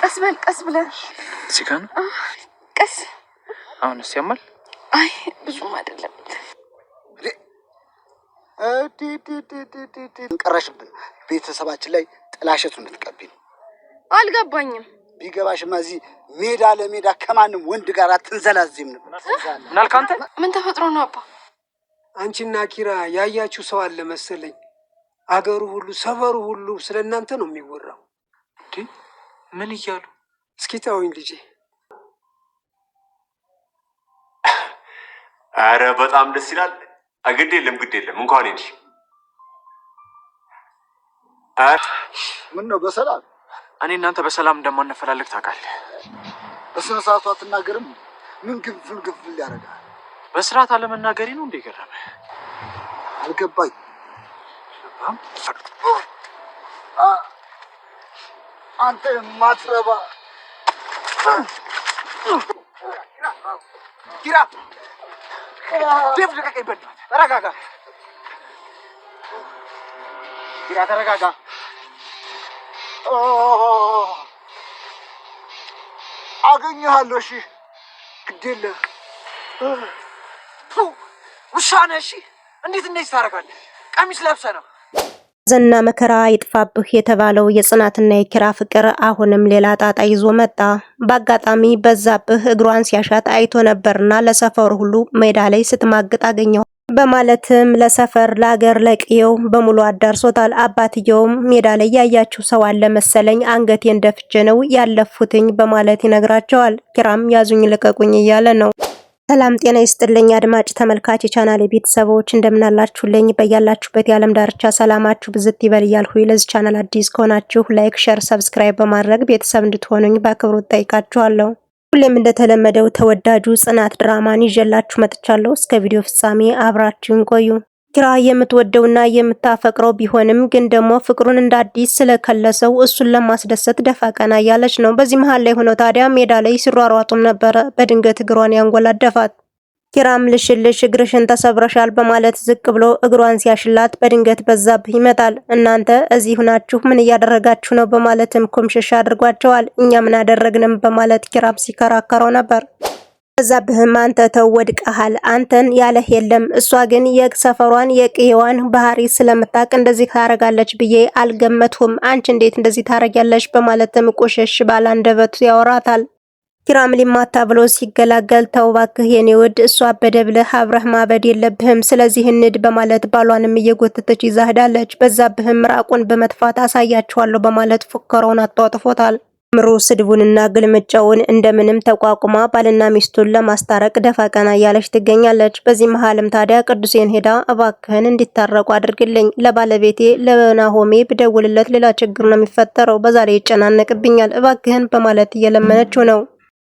ቀስ በል ቀስ ብለን እዚህ ጋ ነው። ቀስ አሁንስ ያማል? አይ ብዙም አይደለም። ቀረሽብን ቤተሰባችን ላይ ጥላሸቱ እንድትቀቢን አልገባኝም። ቢገባሽማ እዚህ ሜዳ ለሜዳ ከማንም ወንድ ጋር አትንዘላዚም ነበር። ምናልክ አንተ ምን ተፈጥሮ ነው አባ? አንቺና ኪራ ያያችሁ ሰው አለ መሰለኝ። አገሩ ሁሉ ሰፈሩ ሁሉ ስለ እናንተ ነው የሚወራው። ምን እያሉ? እስኪ ተውኝ ልጄ። አረ በጣም ደስ ይላል። ግድ የለም ግድ የለም እንኳን ሄድሽ። ምን ነው በሰላም እኔ እናንተ በሰላም እንደማንፈላለግ ታውቃለህ። በስነ ስርዓቱ አትናገርም? ምን ግንፍል ግንፍል ያደርጋል። በስርዓት አለመናገሪ ነው እንዴ ገረመ አልገባኝ አንተ የማትረባ ኪራ ዴቭ ልቀቀኝ፣ በእናትህ ተረጋጋ። ኪራ ተረጋጋ። አገኘሃለሁ። እሺ ግድ የለህም ውሻ እሺ እንዴት እንደዚህ ታደርጋለህ? ቀሚስ ለብሰህ ነው ሐዘንና መከራ ይጥፋብህ የተባለው የጽናትና የኪራ ፍቅር አሁንም ሌላ ጣጣ ይዞ መጣ። በአጋጣሚ በዛብህ እግሯን ሲያሻት አይቶ ነበርና ለሰፈሩ ሁሉ ሜዳ ላይ ስትማግጥ አገኘው በማለትም ለሰፈር ለአገር ለቅየው በሙሉ አዳርሶታል። አባትየውም ሜዳ ላይ ያያችሁ ሰው አለ መሰለኝ አንገቴ እንደፍቼ ነው ያለፉትኝ በማለት ይነግራቸዋል። ኪራም ያዙኝ ልቀቁኝ እያለ ነው። ሰላም ጤና ይስጥልኝ አድማጭ ተመልካች የቻናል ቤተሰቦች እንደምናላችሁልኝ በያላችሁበት የዓለም ዳርቻ ሰላማችሁ ብዝት ይበል እያልሁ ለዚህ ቻናል አዲስ ከሆናችሁ ላይክ፣ ሸር፣ ሰብስክራይብ በማድረግ ቤተሰብ እንድትሆኑኝ በአክብሮት ጠይቃችኋለሁ። ሁሌም እንደተለመደው ተወዳጁ ጽናት ድራማን ይዤላችሁ መጥቻለሁ። እስከ ቪዲዮ ፍጻሜ አብራችሁን ቆዩ። ግራ የምትወደውና የምታፈቅረው ቢሆንም ግን ደግሞ ፍቅሩን እንደ አዲስ ስለከለሰው እሱን ለማስደሰት ደፋ ቀና እያለች ነው። በዚህ መሀል ላይ ሆነው ታዲያ ሜዳ ላይ ሲሯሯጡም ነበረ። በድንገት እግሯን ያንጎላደፋት ኪራም ልሽልሽ እግርሽን ተሰብረሻል በማለት ዝቅ ብሎ እግሯን ሲያሽላት በድንገት በዛብህ ይመጣል። እናንተ እዚህ ሁናችሁ ምን እያደረጋችሁ ነው? በማለትም ኩምሽሽ አድርጓቸዋል። እኛ ምን አደረግንም በማለት ኪራም ሲከራከረው ነበር። በዛብህም አንተ ተው ወድቀሃል፣ አንተን ያለህ የለም። እሷ ግን የሰፈሯን የቅየዋን ባህሪ ስለምታቅ እንደዚህ ታረጋለች ብዬ አልገመትሁም። አንቺ እንዴት እንደዚህ ታረጊያለሽ? በማለትም ቆሸሽ ባለ አንደበቱ ያወራታል። ኪራም ሊማታ ብሎ ሲገላገል ተው እባክህ የኔ ውድ፣ እሷ አበደ ብለህ አብረህ ማበድ የለብህም ስለዚህ እንድ በማለት ባሏንም እየጎተተች ይዛህዳለች። በዛብህም ራቁን በመጥፋት አሳያችኋለሁ በማለት ፉከራውን አጧጥፎታል። ምሮ ስድቡንና ግልምጫውን እንደምንም ተቋቁማ ባልና ሚስቱን ለማስታረቅ ደፋ ቀና እያለች ትገኛለች። በዚህ መሀልም ታዲያ ቅዱሴን ሄዳ እባክህን እንዲታረቁ አድርግልኝ፣ ለባለቤቴ ለናሆሜ ብደውልለት ሌላ ችግር ነው የሚፈጠረው፣ በዛሬ ይጨናነቅብኛል፣ እባክህን በማለት እየለመነችው ነው።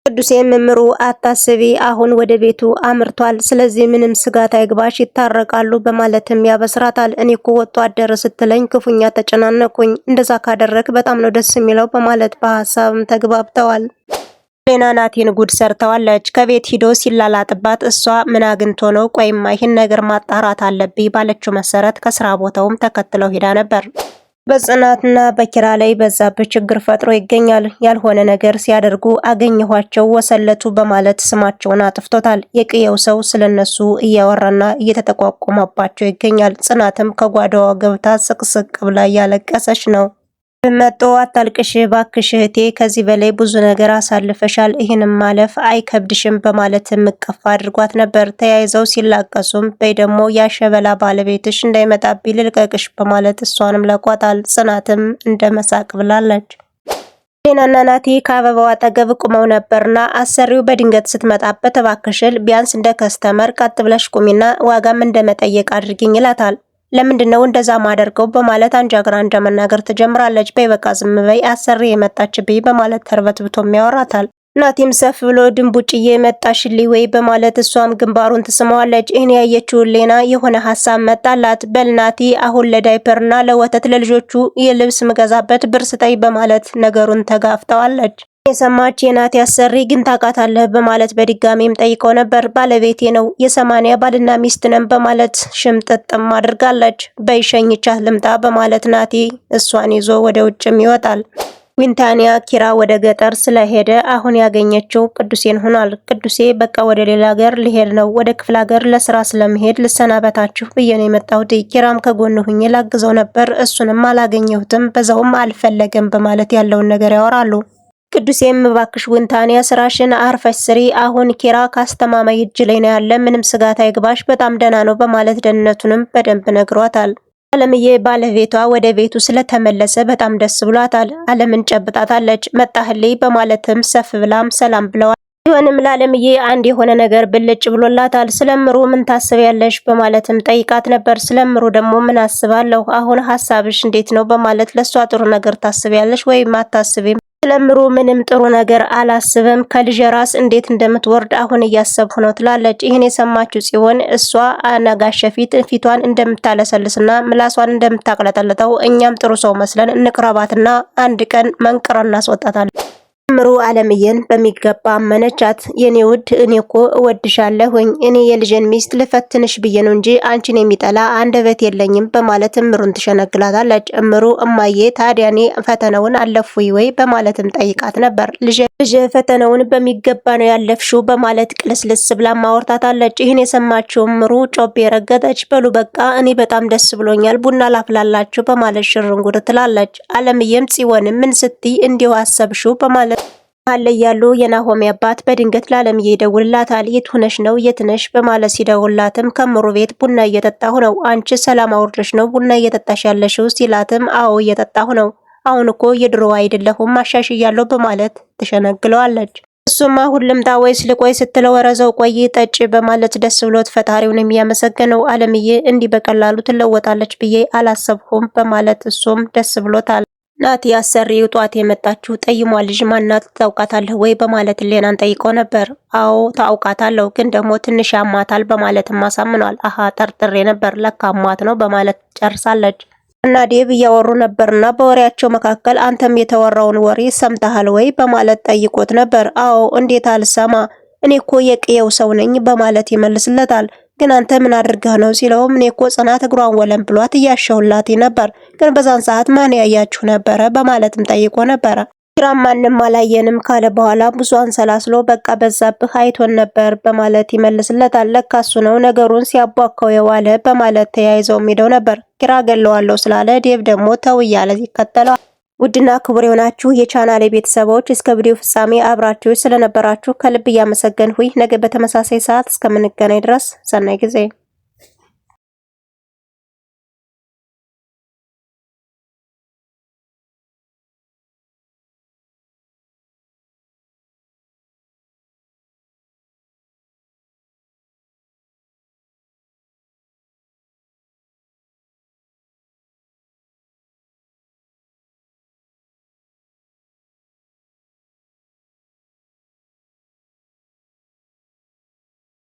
ቅዱሴም ምምሩ አታስቢ፣ አሁን ወደ ቤቱ አምርቷል። ስለዚህ ምንም ስጋት አይግባሽ፣ ይታረቃሉ በማለትም ያበስራታል። እኔ እኮ ወጥቶ አደረ ስትለኝ ክፉኛ ተጨናነኩኝ፣ እንደዛ ካደረግ በጣም ነው ደስ የሚለው በማለት በሀሳብም ተግባብተዋል። ሌና ናቲን ጉድ ሰርተዋለች። ከቤት ሂዶ ሲላላጥባት እሷ ምን አግኝቶ ነው? ቆይማ ይህን ነገር ማጣራት አለብኝ ባለችው መሰረት ከስራ ቦታውም ተከትለው ሂዳ ነበር። በጽናትና በኪራ ላይ በዛብህ ችግር ፈጥሮ ይገኛል። ያልሆነ ነገር ሲያደርጉ አገኘኋቸው፣ ወሰለቱ በማለት ስማቸውን አጥፍቶታል። የቅየው ሰው ስለነሱ እያወራና እየተጠቋቆመባቸው ይገኛል። ጽናትም ከጓዳዋ ገብታ ስቅስቅ ብላ እያለቀሰች ነው። መጦ አታልቅሽ ባክሽ እህቴ፣ ከዚህ በላይ ብዙ ነገር አሳልፈሻል፣ ይህንም ማለፍ አይከብድሽም በማለት እቅፍ አድርጓት ነበር። ተያይዘው ሲላቀሱም በይ ደግሞ ያሸበላ ባለቤትሽ እንዳይመጣብኝ ልልቀቅሽ በማለት እሷንም ለቋታል። ጽናትም እንደ መሳቅ ብላለች። ዜናና ናቲ ከአበባው አጠገብ ቁመው ነበርና አሰሪው በድንገት ስትመጣበት እባክሽል ቢያንስ እንደ ከስተመር ቀጥ ብለሽ ቁሚና ዋጋም እንደመጠየቅ አድርጊኝ ይላታል። ለምንድን ነው እንደዛ ማደርገው በማለት አንጃ ግራንጃ መናገር ትጀምራለች። በይበቃ ዝም በይ አሰሪ የመጣችብኝ በማለት ተርበትብቶም ያወራታል። ናቲም ሰፍ ብሎ ድንቡጭዬ መጣሽልኝ ወይ በማለት እሷም ግንባሩን ትስመዋለች። ይህን ያየችውን ሌና የሆነ ሀሳብ መጣላት። በልናቲ አሁን ለዳይፐርና ለወተት ለልጆቹ የልብስ ምገዛበት ብር በማለት ነገሩን ተጋፍተዋለች። የሰማች የናቲ አሰሪ ግን ታውቃታለህ በማለት በድጋሚም ጠይቀው ነበር። ባለቤቴ ነው የሰማኒያ ባልና ሚስት ነን በማለት ሽምጥጥም አድርጋለች። በይሸኝቻት ልምጣ በማለት ናቲ እሷን ይዞ ወደ ውጭም ይወጣል። ዊንታኒያ ኪራ ወደ ገጠር ስለሄደ አሁን ያገኘችው ቅዱሴን ሆኗል። ቅዱሴ በቃ ወደ ሌላ ሀገር ሊሄድ ነው፣ ወደ ክፍለ ሀገር ለስራ ስለመሄድ ልሰናበታችሁ ብዬ ነው የመጣሁት። ኪራም ከጎን ሁኜ ላግዘው ነበር፣ እሱንም አላገኘሁትም፣ በዛውም አልፈለገም በማለት ያለውን ነገር ያወራሉ። ቅዱሴም እባክሽ ውንታንያ ስራሽን አርፈሽ ስሪ። አሁን ኪራ ከአስተማማኝ እጅ ላይ ነው ያለ፣ ምንም ስጋት አይግባሽ፣ በጣም ደህና ነው በማለት ደህንነቱንም በደንብ ነግሯታል። አለምዬ ባለቤቷ ወደ ቤቱ ስለተመለሰ በጣም ደስ ብሏታል። አለምን ጨብጣታለች። መጣህልይ በማለትም ሰፍ ብላም ሰላም ብለዋል። ቢሆንም ለአለምዬ አንድ የሆነ ነገር ብልጭ ብሎላታል። ስለምሩ ምን ታስቢያለሽ በማለትም ጠይቃት ነበር። ስለምሩ ደግሞ ምን አስባለሁ አሁን ሀሳብሽ እንዴት ነው በማለት ለእሷ ጥሩ ነገር ታስቢያለሽ ወይም አታስቢም ስለምሩ ምንም ጥሩ ነገር አላስብም። ከልጅ ራስ እንዴት እንደምትወርድ አሁን እያሰብኩ ነው ትላለች። ይህን የሰማችው ሲሆን እሷ አነጋሸ ፊት ፊቷን እንደምታለሰልስና ምላሷን እንደምታቅለጠልጠው እኛም ጥሩ ሰው መስለን እንቅረባትና አንድ ቀን መንቅረን እናስወጣታለን። እምሩ አለምዬን በሚገባ አመነቻት። የኔ ውድ እኔ እኮ እወድሻለሁኝ እኔ የልጄን ሚስት ልፈትንሽ ብዬ ነው እንጂ አንቺን የሚጠላ አንደበት የለኝም በማለት እምሩን ትሸነግላታለች። እምሩ እማዬ ታዲያ እኔ ፈተናውን አለፍኩኝ ወይ በማለትም ጠይቃት ነበር። ልጄ ፈተናውን በሚገባ ነው ያለፍሽው በማለት ቅልስልስ ብላ ማወርታታለች። ይህን የሰማችው እምሩ ጮቤ ረገጠች። በሉ በቃ እኔ በጣም ደስ ብሎኛል ቡና ላፍላላችሁ በማለት ሽርንጉድ ትላለች። አለምዬም ጽዮንም ምን ስትይ እንዲሁ አሰብሽው በማለት መሀል ላይ ያሉ የናሆሚ አባት በድንገት ለአለምዬ ይደውልላታል። የት ሆነሽ ነው የት ነሽ በማለት ሲደውላትም ከምሩ ቤት ቡና እየጠጣሁ ነው። አንቺ ሰላም አውርደሽ ነው ቡና እየጠጣሽ ያለሽው ሲላትም አዎ እየጠጣሁ ነው። አሁን እኮ የድሮ አይደለሁም አሻሽያለሁ በማለት ትሸነግለዋለች። እሱማ ሁሉም ወይስ ልቆይ ስትለው ረዘው ቆይ ጠጭ በማለት ደስ ብሎት ፈጣሪውን የሚያመሰግነው አለምዬ እንዲህ በቀላሉ ትለወጣለች ብዬ አላሰብሁም በማለት እሱም ደስ ብሎታል። ናቲ አሰሪው ጧት የመጣችው ጠይሟ ልጅ ማናት ታውቃታለህ ወይ በማለት ሌናን ጠይቆ ነበር። አዎ ታውቃታለሁ፣ ግን ደግሞ ትንሽ ያማታል በማለትም አሳምኗል። አሃ ጠርጥሬ ነበር ለካ አማት ነው በማለት ጨርሳለች። እና ዴብ እያወሩ ነበርና በወሬያቸው መካከል አንተም የተወራውን ወሬ ሰምተሃል ወይ በማለት ጠይቆት ነበር። አዎ እንዴት አልሰማ እኔ እኮ የቅየው ሰው ነኝ በማለት ይመልስለታል። ግን አንተ ምን አድርገህ ነው ሲለውም እኔ እኮ ጽናት እግሯን ወለም ብሏት እያሸሁላት ነበር፣ ግን በዛን ሰዓት ማን ያያችሁ ነበረ በማለትም ጠይቆ ነበረ። ኪራም ማንም አላየንም ካለ በኋላ ብዙ አንሰላስሎ በቃ በዛብህ አይቶን ነበር በማለት ይመልስለታል። ለካ እሱ ነው ነገሩን ሲያቧካው የዋለ በማለት ተያይዘው ሄደው ነበር። ኪራ ገለዋለሁ ስላለ ዴቭ ደግሞ ተው እያለ ይከተለዋል። ውድና ክቡር የሆናችሁ የቻናሌ ቤተሰቦች እስከ ቪዲዮ ፍጻሜ አብራችሁ ስለነበራችሁ ከልብ እያመሰገንሁ ነገ በተመሳሳይ ሰዓት እስከምንገናኝ ድረስ ሰናይ ጊዜ